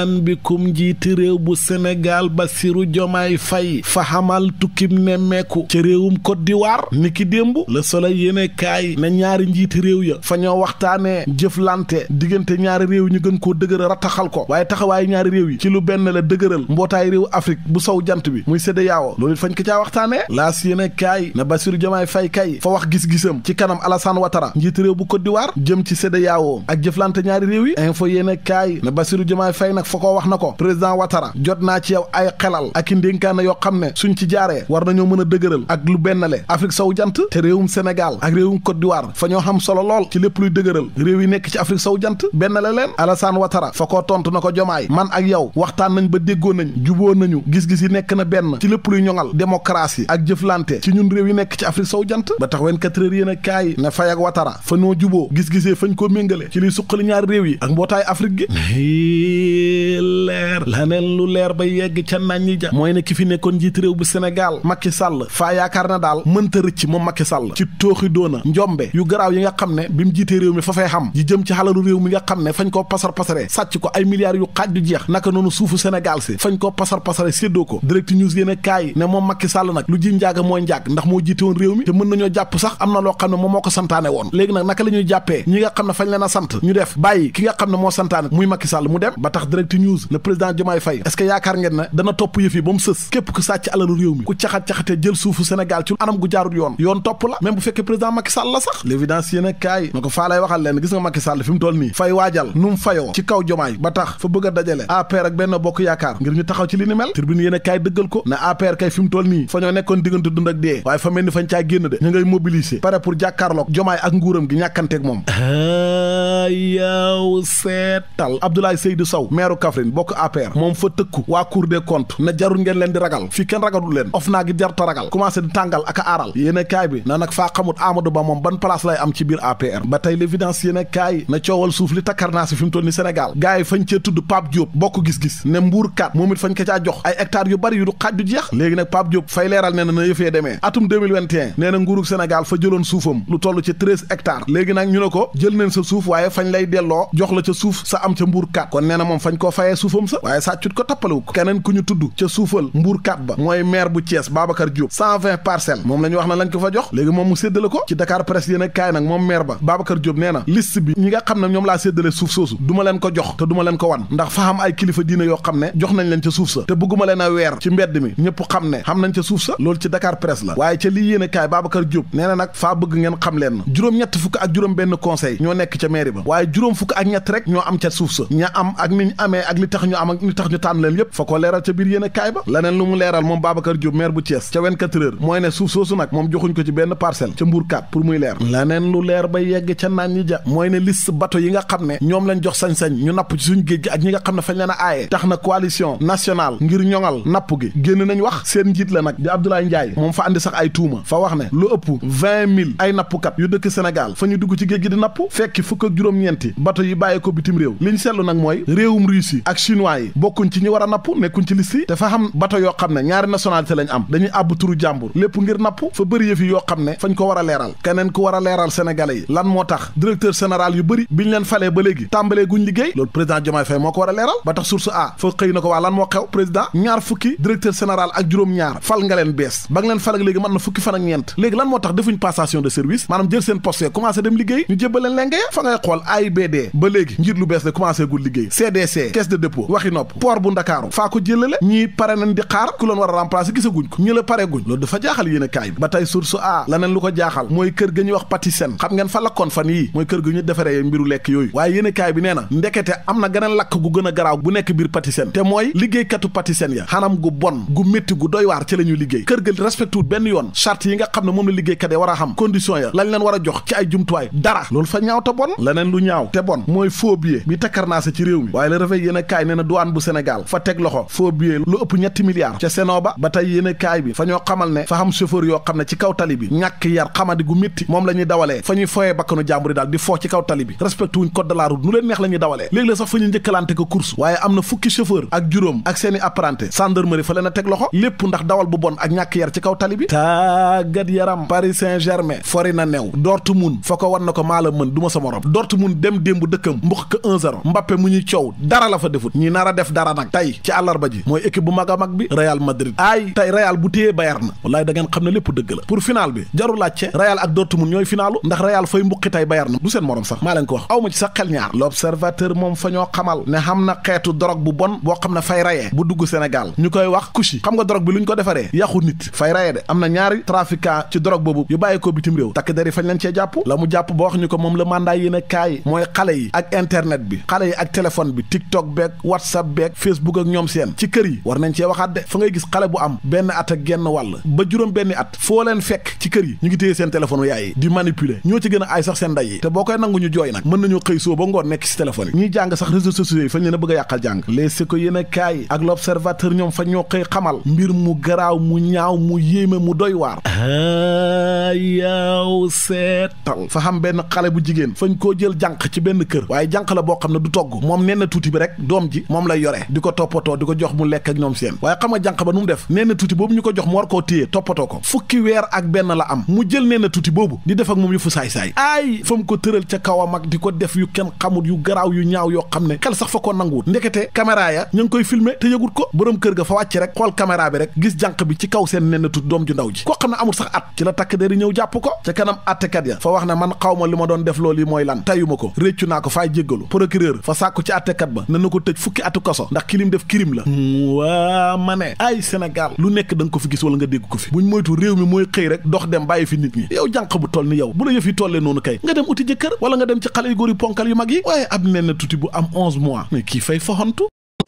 ahlan bikum njiiti réew bu Sénégal Bassirou Diomaye fay fa xamal tukkib nemmeeku ca réewum Côte d'Ivoire niki démb Le Soleil yéene kaay na ñaari njiiti réew ya fa ñoo waxtaanee jëflante diggante ñaari réew ñu gën koo dëgëral rataxal ko waaye taxawaayu ñaari réew yi ci lu benn la dëgërël mbootaay réew Afrique bu sow jant bi muy CEDEAO loolu it fañ ko caa waxtaanee laas yéene kaay na Bassirou Diomaye Faye kay fa wax gis-gisam ci kanam Alassane Ouattara njiiti réew bu Côte d'Ivoire jëm ci CEDEAO ak Sako wax na ko président watara jot naa ci yow ay xelal ak i ndénkaane yoo xam ne suñ ci jaaree war nañoo mën a dëgëral ak lu bennale Afrique sow jant te réewum Sénégal ak réewum Côte d'Ivoire fa ñoo xam solo lool ci lépp luy dëgëral réew yi nekk ci Afrique sow jant bennale leen Alassane watara fa ko tontu na ko jomaay man ak yow waxtaan nañ ba déggoo nañ juboo nañu gis-gis yi nekk na benn ci lépp luy ñoŋal démocratie ak jëflante ci ñun réew yi nekk ci Afrique sow jant ba tax 24 heures yéen a kaay ne fay ak Ouattara fa ñoo juboo gis-gisee fañ koo méngale ci liy suqali ñaari réew yi ak mbootaay Afrique gi leer laneen lu leer ba yegg ca naññi ja mooy ne ki fi nekkoon njiit réew bu Sénégal Macky Sall faa yaakaar na daal mënta rëcc moom Macky Sall ci tooxi doona njombe yu garaaw yi nga xam ne bi mu jiitee réew mi fa fay xam yi jëm ci xalalu réew mi nga xam ne fañ koo pasar pasare sàcc ko ay milliards yu xaaj du jeex naka noonu suufu Sénégal si fañ koo pasar pasare séddoo ko direct news yéen a kaay ne moom Macky Sall nag lu ji njaaga mooy njaag ndax moo jiite woon réew mi te mën nañoo jàpp sax na la ñuy jàppee ñi nga xam a sant moo santaane muy Macky Sall mu dem direct news ne président Diomaye Faye est-ce que yaakaar ngeen ne dana topp yëf yi ba mu sës képp ku sàcc alalu réew mi ku caxat-caxatee jël suufu Sénégal ci anam gu jaarul yoon yoon topp la même bu fekkee président Macky Sall sax l'évidence yéen a kaay na ko faa waxal leen gis nga Macky Sall fi mu nii fay waajal nu fayoo ci kaw Diomaye ba tax fa bëgg a dajale APR ak benn bokk yaakaar ngir ñu taxaw ci li ni mel tribune yéen a kaay dëggal ko ne APR kay fi mu toll nii fa ñoo yaaw seetal Abdoulaye Seydou Sow bokk APR moom fa tëkku waa Cour des comptes ne jarul ngeen leen di ragal fii kenn ragalul leen of naa gi jarta ragal commencé di tàngal ak a aaral yéen kaay bi na nag faa xamut Amadou Ba moom ban place lay am ci biir APR ba tey l'évidence yéen kaay na coowal suuf li takkar naa si fi mu fañ cee tudd Pape Diop bokk gis-gis ne mbuur kat moom it fañ ko caa jox ay hectares yu bari yu du xaaj du jeex léegi nag fañ lay delloo jox la ca suuf am ca mbuur kat nee na moom fañ fayee suufam sa waaye sàccut ko tappalewu ko keneen ku ñu tudd ca suufal mbuur kat ba bu Thiès Babacar Diop cent vingt moom la wax na lañ ko fa jox léegi moom mu séddale ko ci Dakar presse yéen a kaay nag moom maire ba Babacar Diop nee na liste bi ñi nga xam ne ñoom laa séddale suuf soosu du leen ko jox te du leen ko wan ndax fa xam ay kilifa diine yoo xam ne jox nañ leen ca suuf sa te bëgguma leen a weer ci mbedd mi ñëpp xam ne xam nañ ca suuf sa loolu ci Dakar presse la waaye ca lii yéen a kaay Babacar Diop nee na nag faa bëgg ngeen xam leen na juróom-ñett fukk ak juróom benn conseil ñoo nekk ca maire waaye juróom fukk ak ñett rek ñoo am ca suuf sa ña am ak ni ñu amee ak li tax ñu am ak li tax ñu tànn leen yépp fa ko leeral ca biir yéen a kaay ba leneen lu mu leeral moom Babacar Diop maire bu Thiès ca 24 heures mooy ne suuf soosu nag moom joxuñ ko ci benn parcelle ca Mbour 4 pour muy leer leneen lu leer ba yegg ca naan ñi ja mooy ne liste bato yi nga xam ne ñoom lañ jox sañ-sañ ñu napp ci suñ géej gi ak ñi nga xam ne fañ leen a aaye tax na coalition nationale ngir ñoŋal napp gi génn nañ wax seen njiit la nag di Abdoulaye Ndiaye moom fa andi sax ay tuuma fa wax ne lu ëpp 20 000 ay yu dëkk Sénégal fa ñu dugg ci géej gi di napp fekki juróom-ñeenti bato yi bàyyi ko bitim réew li ñu seetlu mooy réewum russe yi ak chinois yi bokkuñ ci ñi war a napp nekkuñ ci liste yi dafa xam bato yoo xam ne ñaari nationalité lañ am dañuy àbb turu jàmbur lépp ngir napp fa bëri yëf yoo xam ne fañ ko war a leeral keneen ku war a leeral sénégalais yi lan moo tax directeur général yu bëri biñ leen falee ba léegi tàmbalee guñ liggéey loolu président Diomaye Faye moo ko war a leeral ba tax source a fa xëy na ko waa dogal AIBD ba léegi njiit lu bees la commencé gul liggéey CDC caisse de dépôt waxi nopp port bu ndakaaru faa ko jëlale ñii pare nañ di xaar ku leen war a remplacer gisaguñ ko ñu pare guñ loolu dafa jaaxal yéen a kaay bi ba tey source a laneen lu ko jaaxal mooy kër ga ñu wax Patisen xam ngeen fa lakkoon fan yii mooy kër ga ñu defaree mbiru lekk yooyu waaye yéen a kaay bi nee na ndekete am na geneen lakk gu gën a garaaw bu nekk biir Patisen te mooy liggéeykatu Patisen ya xanam bon gu métti gu doy waar ci la ñuy liggéey kër ga respecté wul benn yoon charte yi nga xam ne moom la liggéeykat ya a xam condition lañ leen war a ay jumtuwaay dara leneen lu ñaaw te bon mooy faux billet bi takkar naa sa ci réew mi waaye la rafet yéen a kaay nee na bu Sénégal fa teg loxo faux lu ëpp ñetti milliards ca Sénoba ba tey yéen a kaay bi fa ñoo xamal ne fa xam chauffeur yoo xam ne ci kaw tali bi yar xamadi gu métti moom la dawalee fa ñuy foyee bakkanu jàmbur yi daal di foo ci kaw tali bi respecté wuñ nu leen neex la dawalee léegi la sax fa ñuy njëkkalante ko course waaye am na fukki chauffeur a mun dem démb dëkkam mbux ko 1-0 mu ñuy coow dara la fa defut ñi nar a def dara nag tey ci àllarba ji mooy équipe bu mag a mag bi Real Madrid aay tey Real bu téyee Bayern na wallaay da xam ne lépp dëgg la pour final bi jaru laajte Real ak Dortmund ñooy finaalu ndax Real fay mbuqi tey na du seen morom sax maa leen ko wax aw ci sax xel ñaar l'observateur moom fa ñoo xamal ne xam na xeetu drogue bu bon boo xam ne fay rayee bu yi mooy xale yi ak internet bi xale yi ak téléphone bi tiktok beeg whatsapp beeg facebook ak ñoom seen ci kër yi war nañ cee waxaat de fa ngay gis xale bu am benn at ak genn wàll ba juróom benn at foo leen fekk ci kër yi ñu ngi téye seen téléphone yaay yi di manipuler ñoo ci gën a ay sax seen nday yi te boo koy nangu ñu jooy nag mën nañoo xëy soo ba ngoon nekk ci téléphone yi ñuy jàng sax réseaux sociaux yi fañ leen a bëgg a yàqal jàng les si ko yéen kaay ak l'observateur ñoom fa ñoo xëy xamal mbir mu garaaw mu ñaaw mu yéeme mu doy waar ah, yaaw seetal fa bu jigéen jànq ci benn kër waaye jànq la boo xam ne du togg moom nee na tuuti bi rek doom ji moom lay yore di ko toppatoo di ko jox mu lekk ak ñoom seen waaye xam nga jànq ba nu mu def nee na tuuti boobu ñu ko jox mu war koo téye toppatoo ko fukki weer ak benn la am mu jël nee tuuti boobu di def ak moom yëfu saay-saay aay fa mu ko tëral ca kaw a di ko def yu kenn xamul yu garaaw yu ñaaw yoo xam ne xel sax fa ko nanguwut ndekete caméra ya ñu koy filmer te yëgut ko borom kër ga fa wàcc rek xool caméra bi rek gis jànq bi ci kaw seen nee na tuuti doom ju ndaw ko ca kanam attekat ma li ma doon def loolu lan tey bàyyuma ko réccu naa ko faa jéggalu procureur fa sàkku ci attekat ba na na ko tëj fukki atu kaso ndax kilim def kirim la waa ma ne ay Sénégal lu nekk da ko fi gis wala nga dégg ko fi buñ moytu réew mi mooy xëy rek dox dem bàyyi fi nit ñi yow jànq bu toll ni yow bu la yëf yi tollee noonu kay nga dem uti jëkkër wala nga dem ci xale yu ponkal yu mag yi waaye ab mel na tuuti bu am onze mois mais kii fay faxantu